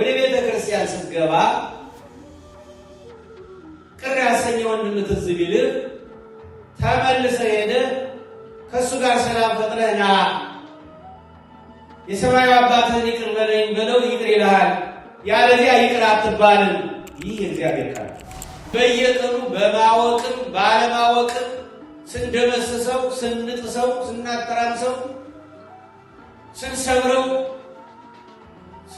ወደ ቤተ ክርስቲያን ስትገባ ቅር ያሰኘ ወንድም ትዝ ቢል ተመልሰ ሄደ ከእሱ ጋር ሰላም ፈጥረህ ና የሰማዩ አባትህን ይቅር በለኝ በለው ይቅር ይልሃል። ያለዚያ ይቅር አትባልም። ይህ እግዚአብሔር ቃል በየቀኑ በማወቅም ባለማወቅም ስንደመስሰው፣ ስንጥሰው፣ ስናጠራምሰው፣ ስንሰብረው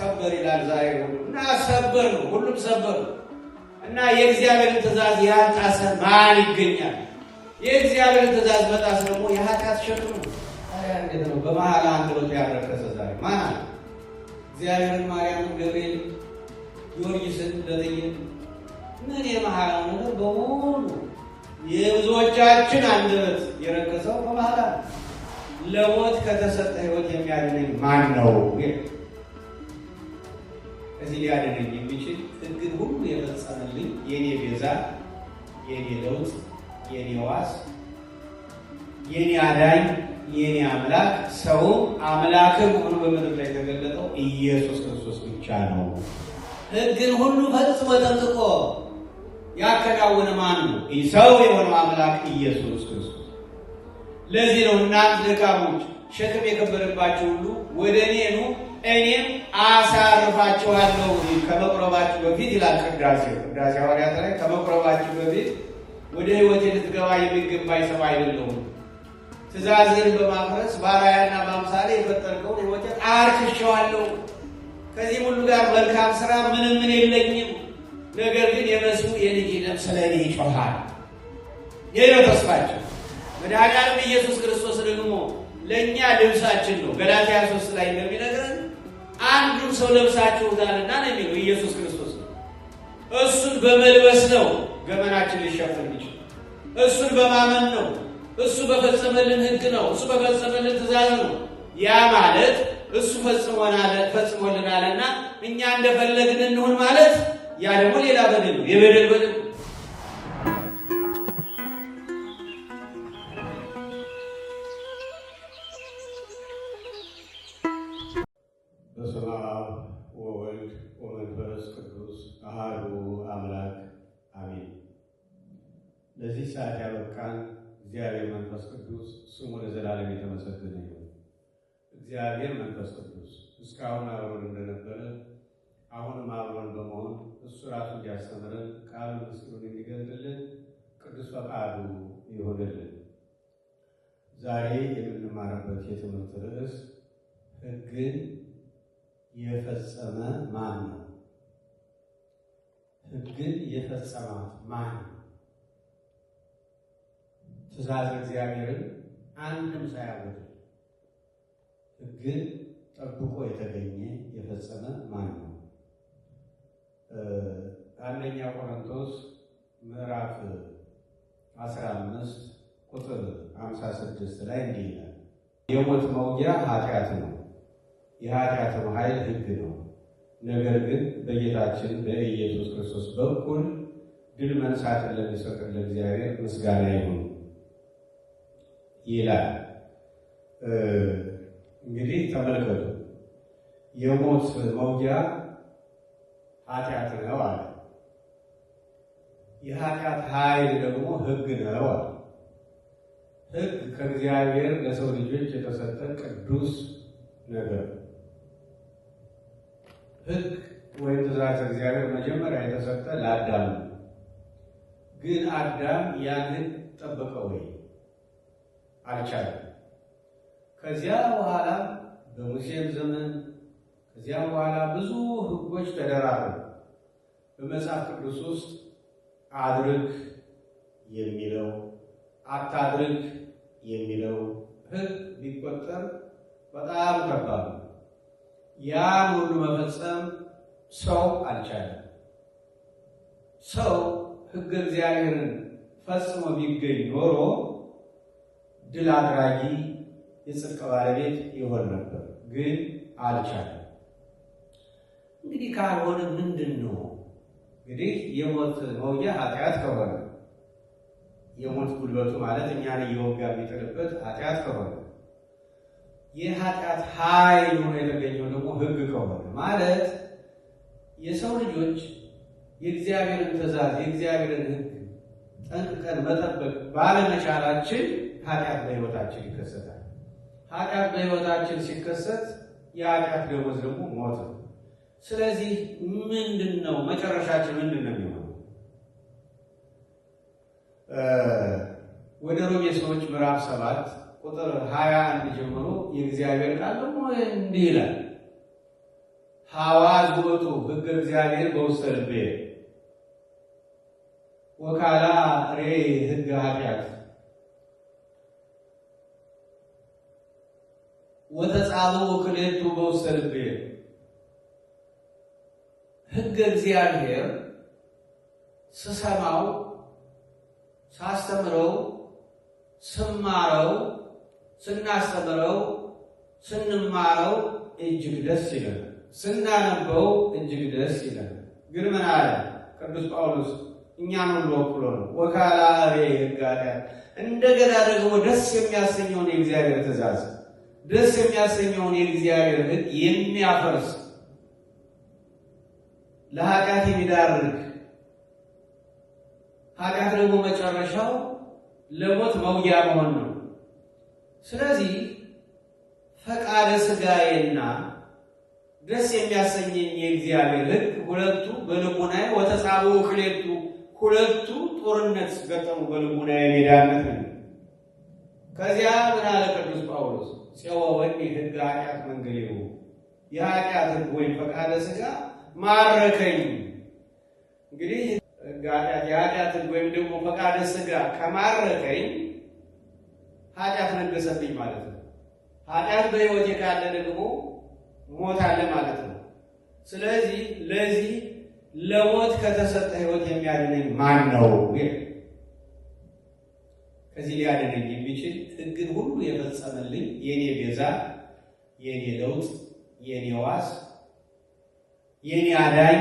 ሰበር ይላል ዛሬ ሁሉ እና ሰበር ነው። ሁሉም ሰበር ነው እና የእግዚአብሔርን ትእዛዝ ያጣሰ ማን ይገኛል? የእግዚአብሔርን ትእዛዝ መጣስ ደግሞ የኃጢአት ሸጡ ነው። እንዴት ነው በመሀል አንድ ሎት ያረከሰ ዛሬ ማን አለ? እግዚአብሔርን፣ ማርያምን፣ ገብርኤል፣ ጊዮርጊስን ለጥይት ምን የመሀላ ነገር በሙሉ የብዙዎቻችን አንደበት የረከሰው በመሀላ ለሞት ከተሰጠ ህይወት የሚያድነኝ ማን ነው? ከዚህ ሊያደርግ የሚችል ሕግን ሁሉ የፈጸመልኝ የኔ ቤዛ፣ የኔ ለውጥ፣ የኔ ዋስ፣ የእኔ አዳኝ፣ የእኔ አምላክ ሰው አምላክም ሆኖ በምድር ላይ የተገለጠው ኢየሱስ ክርስቶስ ብቻ ነው። ሕግን ሁሉ ፈጽሞ ጠንቅቆ ያከናወነ ማን ነው? ሰው የሆነው አምላክ ኢየሱስ ክርስቶስ። ለዚህ ነው እናንት ደካሞች ሸክም የከበረባቸው ሁሉ ወደ እኔ ኑ እኔም አሳርፋችኋለሁ ከመቁረባችሁ በፊት ይላል ቅዳሴ ቅዳሴ ሐዋርያት ላይ ከመቁረባችሁ በፊት ወደ ህይወት ልትገባ የሚገባኝ ሰው አይደለሁም። ትእዛዝን በማፍረስ ባራያና በአምሳሌ የፈጠርከውን ሕይወቴ አርክሸዋለሁ ከዚህ ሁሉ ጋር መልካም ስራ ምንም ምን የለኝም። ነገር ግን የመሱ የልጅ ነፍስ ለእኔ ይጮሃል። ይህ ነው ተስፋቸው መድኃኒዓለም ኢየሱስ ክርስቶስ ደግሞ ለእኛ ልብሳችን ነው። ገላትያ ሶስት ላይ እንደሚነግረን አንዱን ሰው ለብሳችሁታልና ነው የሚለው ኢየሱስ ክርስቶስ ነው። እሱን በመልበስ ነው ገመናችን ሊሸፈን የሚችል እሱን በማመን ነው። እሱ በፈጸመልን ሕግ ነው። እሱ በፈጸመልን ትእዛዝ ነው። ያ ማለት እሱ ፈጽሞልናልና እኛ እንደፈለግን እንሁን ማለት ያ ደግሞ ሌላ በደል ነው፣ የበደል በደል በስመ አብ ወወልድ ወመንፈስ ቅዱስ አሐዱ አምላክ አሜን። ለዚህ ሰዓት ያበቃን እግዚአብሔር መንፈስ ቅዱስ ስሙ ለዘላለም የተመሰገነ ይሁን። እግዚአብሔር መንፈስ ቅዱስ እስካሁን አብሮን እንደነበረ አሁንም አብሮን በመሆን እሱ ራሱ እንዲያስተምረን ቃሉ ምስጢሩን እንዲገልጥልን ቅዱስ ፈቃዱ ይሆንልን። ዛሬ የምንማርበት የትምህርት ርዕስ ሕግን የፈጸመ ማን ነው? ሕግን የፈጸማት ማን ነው? ትእዛዝ እግዚአብሔርን አንድም ሳያጎድል ሕግን ጠብቆ የተገኘ የፈጸመ ማን ነው? አንደኛ ቆሮንቶስ ምዕራፍ 15 ቁጥር 56 ላይ እንዲህ ይላል፣ የሞት መውጊያ ኃጢአት ነው የኃጢአትም ኃይል ሕግ ነው። ነገር ግን በጌታችን በኢየሱስ ክርስቶስ በኩል ድል መንሳትን ለሚሰጥ ለእግዚአብሔር ምስጋና ይሁን ይላል። እንግዲህ ተመልከቱ፣ የሞት መውጊያ ኃጢአት ነው አለ። የኃጢአት ኃይል ደግሞ ሕግ ነው አለ። ሕግ ከእግዚአብሔር ለሰው ልጆች የተሰጠ ቅዱስ ነገር ህግ ወይም ትእዛዝ እግዚአብሔር መጀመሪያ የተሰጠ ለአዳም ነው። ግን አዳም ያንን ጠበቀ ወይ? አልቻለም። ከዚያ በኋላ በሙሴም ዘመን ከዚያ በኋላ ብዙ ህጎች ተደራሩ። በመጽሐፍ ቅዱስ ውስጥ አድርግ የሚለው አታድርግ የሚለው ህግ ቢቆጠር በጣም ከባድ ነው። ያን ሁሉ መፈጸም ሰው አልቻለም። ሰው ህግ እግዚአብሔርን ፈጽሞ ቢገኝ ኖሮ ድል አድራጊ የጽድቅ ባለቤት ይሆን ነበር፣ ግን አልቻለም። እንግዲህ ካልሆነ ምንድን ነው እንግዲህ የሞት መውጊያ ኃጢአት ከሆነ የሞት ጉልበቱ ማለት እኛን እየወጋ የሚጥልበት ኃጢአት ከሆነ የኃጢአት ኃይል ሆኖ የተገኘው ደግሞ ሕግ ከሆነ ማለት የሰው ልጆች የእግዚአብሔርን ትእዛዝ የእግዚአብሔርን ሕግ ጠንቅቀን መጠበቅ ባለመቻላችን ኃጢአት በሕይወታችን ይከሰታል። ኃጢአት በሕይወታችን ሲከሰት የኃጢአት ደመወዝ ደግሞ ሞት ነው። ስለዚህ ምንድን ነው መጨረሻችን? ምንድን ነው የሚሆነው? ወደ ሮሜ ሰዎች ምዕራፍ ሰባት ቁጥር ሀያ አንድ ጀምሮ የእግዚአብሔር ቃል ደግሞ እንዲህ ይላል ሐዋ ዝወጡ ህግ እግዚአብሔር በውስተ ልቤ ወካላ ሬ ህግ ኃጢአት ወተጻሉ ክልኤቱ በውስተ ልቤ እግዚአብሔር ስሰማው ሳስተምረው ስማረው ስናስተምረው ስንማረው እጅግ ደስ ይላል፣ ስናነበው እጅግ ደስ ይላል። ግን ምን አለ ቅዱስ ጳውሎስ? እኛን ሁሉ ወክሎ ነው ወካላ ሬ ጋዳል። እንደገና ደግሞ ደስ የሚያሰኘውን የእግዚአብሔር ትእዛዝ ደስ የሚያሰኘውን የእግዚአብሔር ህግ የሚያፈርስ ለኃጢአት የሚዳርግ ኃጢአት ደግሞ መጨረሻው ለሞት መውጊያ መሆን ነው። ስለዚህ ፈቃደ ስጋዬና ደስ የሚያሰኘኝ የእግዚአብሔር ሕግ ሁለቱ በልቡናዬ ወተጻቦ ክሌቱ ሁለቱ ጦርነት ገጠሙ በልቡናዬ ሜዳነት ነው። ከዚያ ምን አለ ቅዱስ ጳውሎስ ፄወወኒ ሕግ ኃጢአት መንገሌሁ የኃጢአት ሕግ ወይም ፈቃደ ስጋ ማረከኝ። እንግዲህ የኃጢአት ሕግ ወይም ደግሞ ፈቃደ ስጋ ከማረከኝ ኃጢአት ነገሰብኝ ማለት ነው። ኃጢአት በሕይወቴ ካለ ደግሞ ሞት አለ ማለት ነው። ስለዚህ ለዚህ ለሞት ከተሰጠ ሕይወት የሚያድነኝ ማን ነው? ከዚህ ሊያድነኝ የሚችል ሕግን ሁሉ የፈጸመልኝ የእኔ ቤዛ፣ የእኔ ለውጥ፣ የእኔ ዋስ፣ የእኔ አዳኝ፣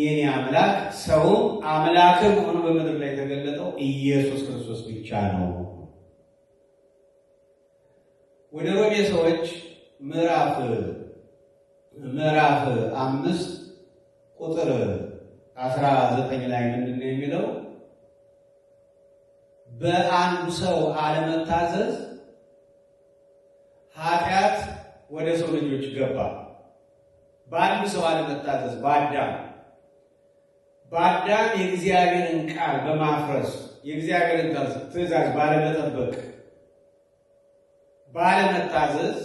የእኔ አምላክ ሰውም አምላክም ሆኖ በምድር ላይ የተገለጠው ኢየሱስ ክርስቶስ ብቻ ነው። ወደ ሮሜ ሰዎች ምዕራፍ ምዕራፍ አምስት ቁጥር አስራ ዘጠኝ ላይ ምንድን ነው የሚለው? በአንዱ ሰው አለመታዘዝ ኃጢአት ወደ ሰው ልጆች ገባ። በአንዱ ሰው አለመታዘዝ በአዳም በአዳም የእግዚአብሔርን ቃል በማፍረስ የእግዚአብሔርን ትእዛዝ ባለመጠበቅ ባለመታዘዝ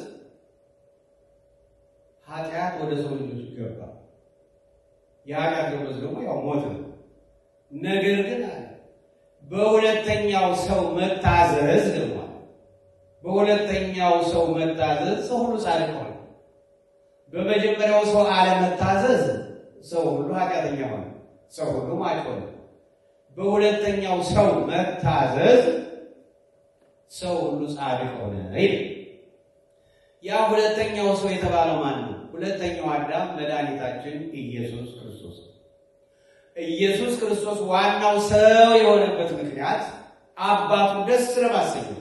ኃጢአት ወደ ሰው ልጆች ይገባል። የኃጢአት ደሞዝ ደግሞ ያው ሞት ነው። ነገር ግን አለ በሁለተኛው ሰው መታዘዝ ደግሞ በሁለተኛው ሰው መታዘዝ ሰው ሁሉ ጻድቅ ሆነ። በመጀመሪያው ሰው አለመታዘዝ ሰው ሁሉ ኃጢአተኛ ሆነ፣ ሰው ሁሉ ሟች ሆነ። በሁለተኛው ሰው መታዘዝ ሰው ሁሉ ጻድቅ ሆነ ይል ያ ሁለተኛው ሰው የተባለው ማን ነው? ሁለተኛው አዳም መድኃኒታችን ኢየሱስ ክርስቶስ ነው። ኢየሱስ ክርስቶስ ዋናው ሰው የሆነበት ምክንያት አባቱ ደስ ስለማሰኘው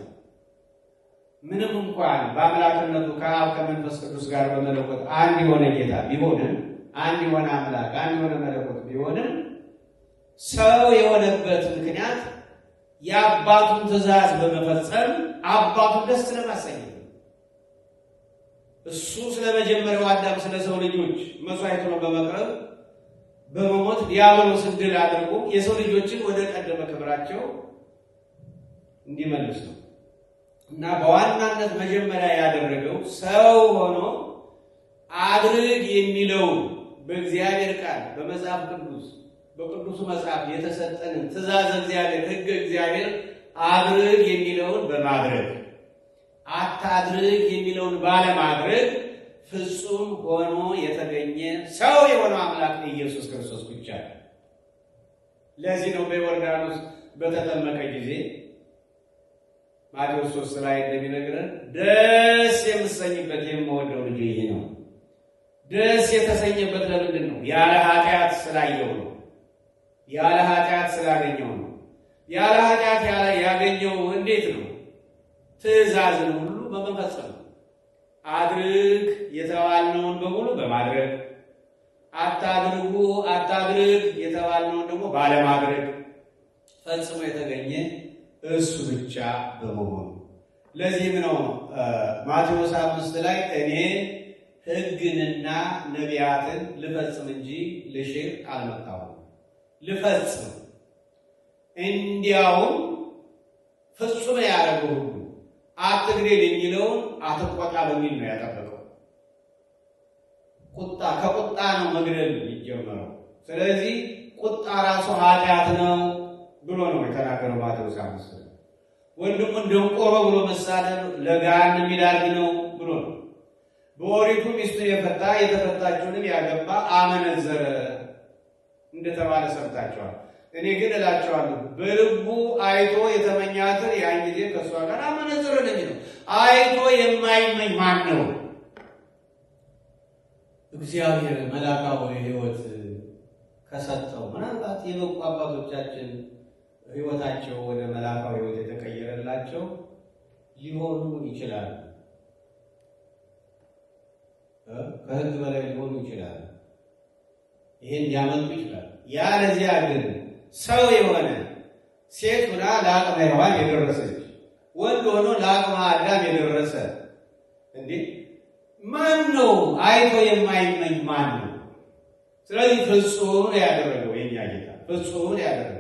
ምንም እንኳን በአምላክነቱ ከአብ ከመንፈስ ቅዱስ ጋር በመለኮት አንድ የሆነ ጌታ ቢሆንም አንድ የሆነ አምላክ አንድ የሆነ መለኮት ቢሆንም ሰው የሆነበት ምክንያት የአባቱን ትእዛዝ በመፈጸም አባቱን ደስ ስለማሰኘት እሱ ስለመጀመሪያው አዳም ስለ ሰው ልጆች መስዋዕት ነው በመቅረብ በመሞት ዲያብሎስን ድል አድርጎ የሰው ልጆችን ወደ ቀደመ ክብራቸው እንዲመልስ ነው እና በዋናነት መጀመሪያ ያደረገው ሰው ሆኖ አድርግ የሚለው በእግዚአብሔር ቃል በመጽሐፍ ቅዱስ በቅዱሱ መጽሐፍ የተሰጠንን ትእዛዝ እግዚአብሔር ሕግ እግዚአብሔር አድርግ የሚለውን በማድረግ አታድርግ የሚለውን ባለማድረግ ፍጹም ሆኖ የተገኘ ሰው የሆነው አምላክ ኢየሱስ ክርስቶስ ብቻ ነው። ለዚህ ነው በዮርዳኖስ በተጠመቀ ጊዜ ማቴዎስ ሶስት ላይ እንደሚነግረን ደስ የምሰኝበት የምወደው ልጅ ይሄ ነው። ደስ የተሰኘበት ለምንድን ነው? ያለ ኃጢአት ስላየው ነው። ያለ ኃጢአት ስላገኘው ነው። ያለ ኃጢአት ያገኘው እንዴት ነው? ትእዛዝን ሁሉ በመፈጸም ነው። አድርግ የተባልነውን በሙሉ በማድረግ አታድርጉ፣ አታድርግ የተባልነውን ደግሞ ባለማድረግ ፈጽሞ የተገኘ እሱ ብቻ በመሆኑ ለዚህም ነው ማቴዎስ አምስት ላይ እኔ ሕግንና ነቢያትን ልፈጽም እንጂ ልሽር አልመጣሁም ልፈጽም እንዲያውም ፍጹም ያደረገው ሁሉ አትግደል የሚለውን አትቆጣ በሚል ነው ያጠበቀው። ቁጣ ከቁጣ ነው መግደል የሚጀመረው። ስለዚህ ቁጣ ራሱ ኃጢአት ነው ብሎ ነው የተናገረው ማቴዎስ አምስት ወንድሙን ደንቆሮ ብሎ መሳደብ ለጋን የሚዳርግ ነው ብሎ ነው። በኦሪቱ ሚስቱ የፈታ የተፈታችውንም ያገባ አመነዘረ እንደተባለ ሰምታችኋል። እኔ ግን እላችኋለሁ በልቡ አይቶ የተመኛትን ያን ጊዜ ከእሷ ጋር አመነዘረ ነው የሚለው። አይቶ የማይመኝ ማን ነው? እግዚአብሔር መላካዊ ሕይወት ከሰጠው ምናልባት የበቁ አባቶቻችን ሕይወታቸው ወደ መላካዊ ሕይወት የተቀየረላቸው ሊሆኑ ይችላሉ። ከህግ በላይ ሊሆኑ ይችላሉ። ይህን ሊያመልጡ ይችላሉ። ያለዚያ ግን ሰው የሆነ ሴት ሆና ለአቅመ ሔዋን የደረሰች ወንድ ሆኖ ለአቅመ አዳም የደረሰ እንዴ ማን ነው? አይቶ የማይመኝ ማን ነው? ስለዚህ ፍጹም ያደረገው የኛ ጌታ ፍጹም ያደረገው።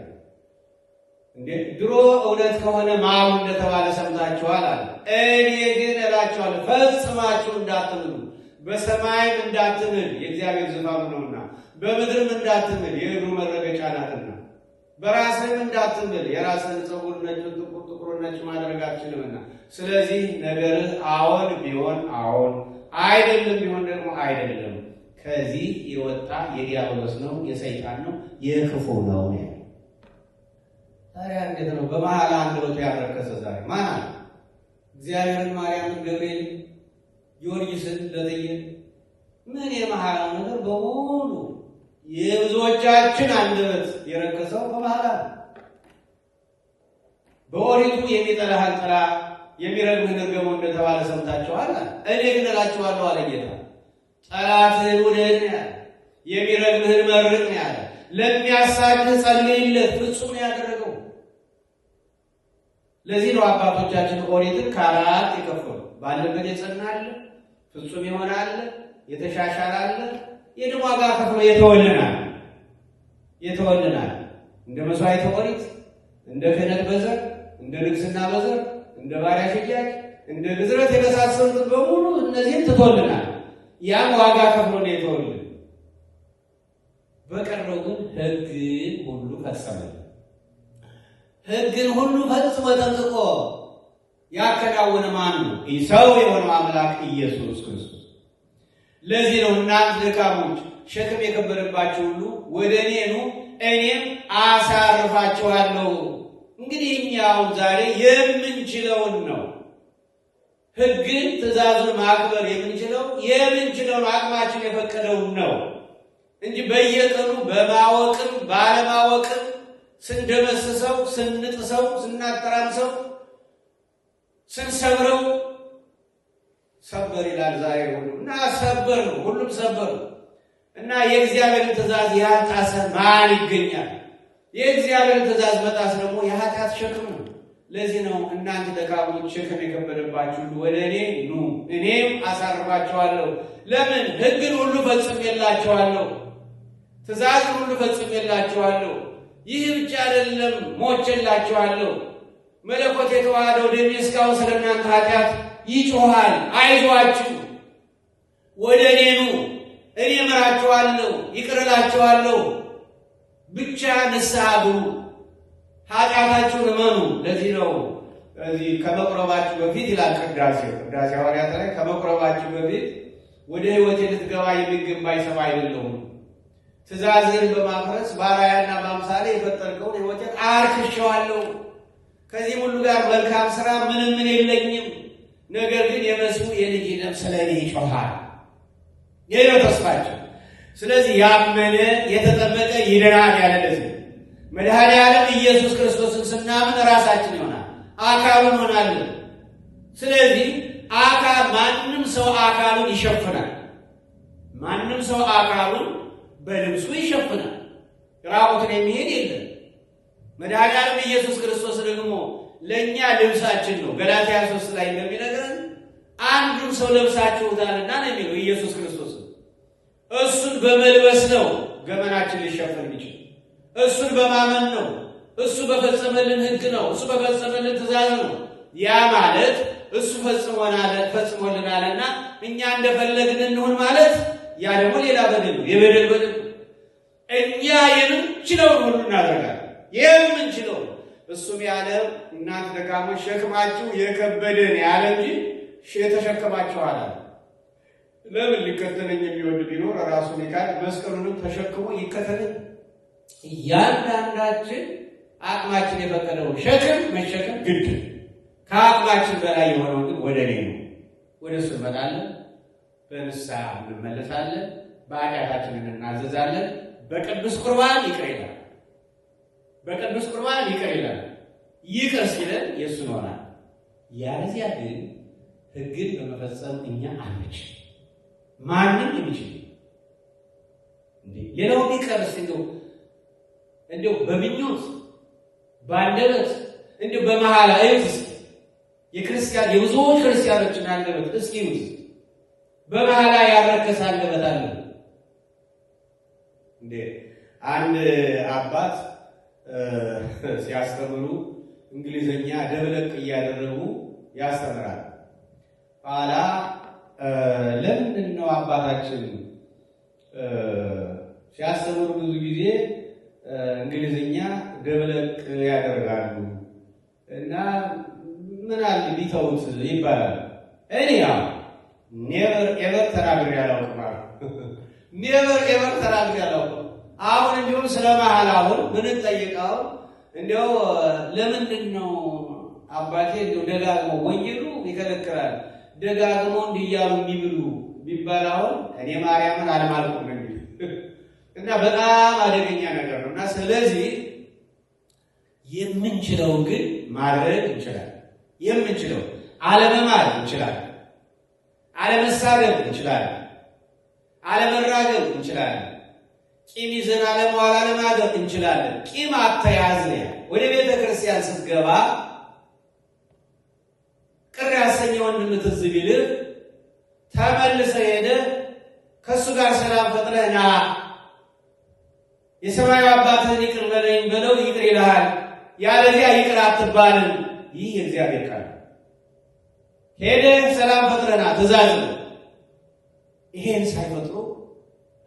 እንዴ ድሮ እውነት ከሆነ ማሩ እንደተባለ ሰምታችኋል አለ። እኔ ግን እላችኋለሁ ፈጽማችሁ እንዳትምሉ በሰማይም እንዳትምል የእግዚአብሔር ዙፋኑ ነውና በምድርም እንዳትምል የእግሩ መረገጫ ናትና፣ በራስህም እንዳትምል የራስህን ፀጉር ነጭ፣ ጥቁር ጥቁር ነጭ ማድረግ አትችልምና። ስለዚህ ነገርህ አዎን ቢሆን አዎን፣ አይደለም ቢሆን ደግሞ አይደለም። ከዚህ የወጣ የዲያብሎስ ነው፣ የሰይጣን ነው፣ የክፉ ነው። ታዲያ እንዴት ነው በመሀል አንድ አንደበቱ ያረከሰ ዛሬ ማን አለ? እግዚአብሔርን፣ ማርያምን፣ ገብርኤልን፣ ጊዮርጊስን ለጥይት ምን የመሀላው ነገር በሙሉ የብዙዎቻችን አንደበት የረከሰው በባህላ በኦሪቱ የሚጠላህን ጥራ የሚረግምህን እርገመው እንደተባለ ሰምታችኋል። እኔ ግን እላችኋለሁ አለ ጌታ፣ ጠላትህን ውደድ ያለ የሚረግምህን መርቅ ያለ ለሚያሳድህ ጸልይለት፣ ፍጹም ያደረገው ለዚህ ነው አባቶቻችን ኦሪትን ከአራት የከፈሉ ባለበት የጸና አለ፣ ፍጹም የሆነ አለ፣ የተሻሻለ አለ የደም ዋጋ ከፍሎ የተወልናል የተወልናል እንደ መስዋዕት ኦሪት፣ እንደ ክህነት በዘር፣ እንደ ንግስና በዘር፣ እንደ ባሪያ ሽያጭ፣ እንደ ግዝረት የመሳሰሉት በሙሉ እነዚህን ትቶልናል። ያም ዋጋ ከፍሎ ነው የተወልን። በቀረው ግን ህግን ሁሉ ፈጸመ። ህግን ሁሉ ፈጽሞ ጠንቅቆ ያከናወነ ማን ነው? ሰው የሆነው አምላክ ኢየሱስ ክርስቶስ ለዚህ ነው እናንተ ደካሞች ሸክም የከበደባችሁ ሁሉ ወደ እኔ ኑ እኔም አሳርፋችኋለሁ። እንግዲህ እኛ አሁን ዛሬ የምንችለውን ነው ሕግን ትእዛዙን ማክበር የምንችለው የምንችለውን አቅማችን የፈቀደውን ነው እንጂ በየቀኑ በማወቅም ባለማወቅም ስንደመስሰው፣ ስንጥሰው፣ ስናጠራምሰው፣ ስንሰብረው ሰበር ይላል ዛሬ ሁሉ እና ሰበር ነው፣ ሁሉም ሰበር ነው እና የእግዚአብሔርን ትእዛዝ ያልጣሰ ማን ይገኛል? የእግዚአብሔርን ትእዛዝ መጣስ ደግሞ የኃጢአት ሸክም ነው። ለዚህ ነው እናንተ ደካሞች ሸክም የከበደባችሁ ወደ እኔ ኑ እኔም አሳርፋችኋለሁ። ለምን ሕግን ሁሉ ፈጽሜላችኋለሁ፣ ትእዛዝን ሁሉ ፈጽሜላችኋለሁ። ይህ ብቻ አይደለም፣ ሞቼላችኋለሁ። መለኮት የተዋሃደው ደሜ እስካሁን ስለ እናንተ ኃጢአት ይጮሃል፣ አይዟችሁ፣ ወደ እኔ ኑ፣ እኔ እመራችኋለሁ፣ ይቅርላችኋለሁ፣ ብቻ ንስሐ ግቡ፣ ኃጢአታችሁን እመኑ። ለዚህ ነው እዚህ ከመቁረባችሁ በፊት ይላል ቅዳሴው። ቅዳሴ ሐዋርያት ላይ ከመቁረባችሁ በፊት ወደ ሕይወቴ ልትገባ የሚገባኝ ሰው አይደለሁም። ትእዛዝን በማፍረስ ባራያና በአምሳሌ የፈጠርከውን ሕይወቴን አርክሸዋለሁ። ከዚህ ሁሉ ጋር መልካም ስራ ምንም ምን የለኝም። ነገር ግን የመስሙ የልጅ ደም ስለ ይጮሃል። ይህ ተስፋቸው። ስለዚህ ያመነ የተጠመቀ ይድናል ያለለት ነው። መድኃኔ ዓለም ኢየሱስ ክርስቶስን ስናምን ራሳችን ይሆናል፣ አካሉ እንሆናለን። ስለዚህ አካል ማንም ሰው አካሉን ይሸፍናል። ማንም ሰው አካሉን በልብሱ ይሸፍናል። ራቁትን የሚሄድ የለም። መድኃኔ ዓለም ኢየሱስ ክርስቶስ ደግሞ ለእኛ ልብሳችን ነው። ገላትያ ሦስት ላይ እንደሚነግረን አንዱን ሰው ለብሳችሁታልና ነው የሚለው ኢየሱስ ክርስቶስ እሱን በመልበስ ነው ገመናችን ሊሸፈን የሚችል እሱን በማመን ነው። እሱ በፈጸመልን ሕግ ነው። እሱ በፈጸመልን ትእዛዝ ነው። ያ ማለት እሱ ፈጽሞልናልና እኛ እንደፈለግን እንሁን ማለት ያ ደግሞ ሌላ በደል ነው፣ የበደል በደል እኛ የምንችለውን ሁሉ እናደርጋለን የምንችለው እሱም ያለ እናንተ ደካሞች ሸክማችሁ የከበደን ያለ እንጂ የተሸከማችሁ አለ። ለምን ሊከተለኝ የሚወድ ቢኖር ራሱን ይካድ መስቀሉንም ተሸክሞ ይከተለኝ። እያንዳንዳችን አቅማችን የፈቀደውን ሸክም መሸከም ግድ፣ ከአቅማችን በላይ የሆነው ግን ወደ እኔ ነው። ወደ እሱ እንመጣለን፣ በንስሐ እንመለሳለን፣ በአዳታችን እንናዘዛለን፣ በቅዱስ ቁርባን ይቅር ይላል። በቅዱስ ቁርባን ይቅር ይላል። ይቅር ሲለን የእሱ ይሆናል። ያለዚያ ግን ሕግን በመፈጸም እኛ አንች ማንም የሚችል ሌላው ቢቀርስ እንደው እንደው በምኞት በአንደበት እንደው በመሃል አይዝ የክርስቲያን የብዙዎች ክርስቲያኖችን አንደበት እስኪ ውዝ በመሃላ ያረከሰ አንደበት አለ እንዴ! አንድ አባት ሲያስተምሩ እንግሊዘኛ ደብለቅ እያደረጉ ያስተምራል። ኋላ ለምንድን ነው አባታችን ሲያስተምሩ ብዙ ጊዜ እንግሊዝኛ ደብለቅ ያደርጋሉ እና ምን አለ ቢተውት ይባላል። እኔ ኔቨር ኤቨር ተናግሬ አላውቅም። ኔቨር ኤቨር ተናግሬ አላውቅም አሁን እንዲሁም ስለ መሀል አሁን ብንጠይቀው እንዲያው ለምንድን ነው አባቴ እንዲያው ደጋግሞ ወንጌሉ ይከለክላል ደጋግሞ እንዲያሉ የሚብሉ ቢባል አሁን እኔ ማርያምን አልማልኩም እና በጣም አደገኛ ነገር ነው እና ስለዚህ የምንችለው ግን ማድረግ እንችላለን። የምንችለው አለመማል እንችላለን። አለመሳደብ እንችላለን። አለመራገብ እንችላለን። ቂም ይዘን አለመዋል አለማደር እንችላለን። ቂም አተያዝ ወደ ቤተ ክርስቲያን ስትገባ ቅር ያሰኘ ወንድም ትዝ ቢልህ ተመልሰ ሄደ ከእሱ ጋር ሰላም ፈጥረህ ና የሰማዩ አባትህን ይቅር በለኝ በለው ይቅር ይልሃል። ያለዚያ ይቅር አትባልም። ይህ የእግዚአብሔር ቃል ሄደህ ሰላም ፈጥረና ትዛዝ ትእዛዝ ነው። ይሄን ሳይፈጥሩ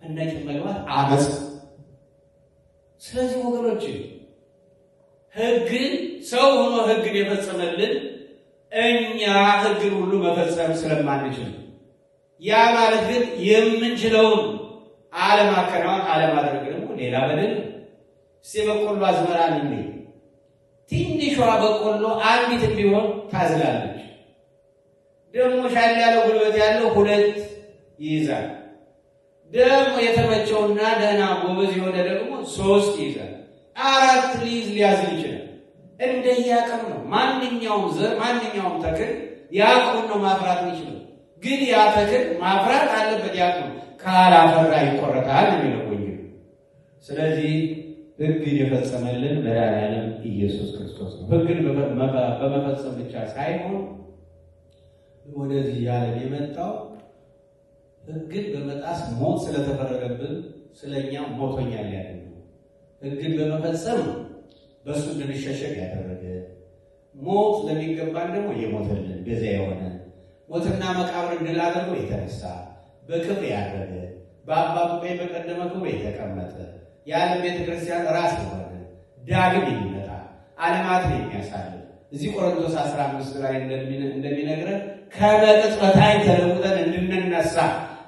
እና ቂም መግባት አመፅ። ስለዚህ ወገኖች ህግን ሰው ሆኖ ህግን የፈጸመልን እኛ ህግን ሁሉ መፈጸም ስለማንችል ያ ማለት ግን የምንችለውን አለማከናወን አለማድረግ ደግሞ ሌላ በደል። እስቲ በቆሎ አዝመራ ምን ትንሿ በቆሎ አንዲት ቢሆን ታዝላለች። ደግሞ ሻል ያለው ጉልበት ያለው ሁለት ይይዛል። ደግሞ የተመቸውና ደህና ጎበዝ የሆነ ደግሞ ሶስት ይይዛል፣ አራት ሊይዝ ሊያዝ ይችላል። እንደያቀም ነው። ማንኛውም ዘር ማንኛውም ተክል የአቅሙን ነው ማፍራት የሚችለው። ግን ያ ተክል ማፍራት አለበት። ያቅሙ ካላፈራ ይቆረጣል የሚለው ወንጌል። ስለዚህ ሕግን የፈጸመልን መድኃኒዓለም ኢየሱስ ክርስቶስ ነው። ሕግን በመፈጸም ብቻ ሳይሆን ወደዚህ ያለን የመጣው ህግን በመጣስ ሞት ስለተፈረደብን ስለኛ ሞቶኛል ያለ ነው። በመፈጸም በእሱ እንድንሸሸግ ያደረገ ሞት ለሚገባን ደግሞ የሞተልን ቤዛ የሆነ ሞትና መቃብር እንድላደርጎ የተነሳ በክብር ያደረገ በአባቱ ቀኝ በቀደመ ክብር የተቀመጠ የዓለም ቤተክርስቲያን ራስ የሆነ ዳግም የሚመጣ ዓለማትን የሚያሳልፍ እዚህ ቆሮንቶስ 15 ላይ እንደሚነግረን ከመቅጽበታይ ተለውጠን እንድንነሳ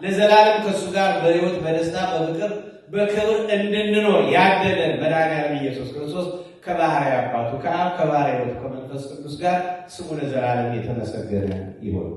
ለዘላለም ከእሱ ጋር በሕይወት በደስታ በፍቅር በክብር እንድንኖር ያደለን መድኃኒዓለም ኢየሱስ ክርስቶስ ከባሕሪ አባቱ ከአብ ከባሕሪ ሕይወት ከመንፈስ ቅዱስ ጋር ስሙ ለዘላለም የተመሰገነ ይሆን።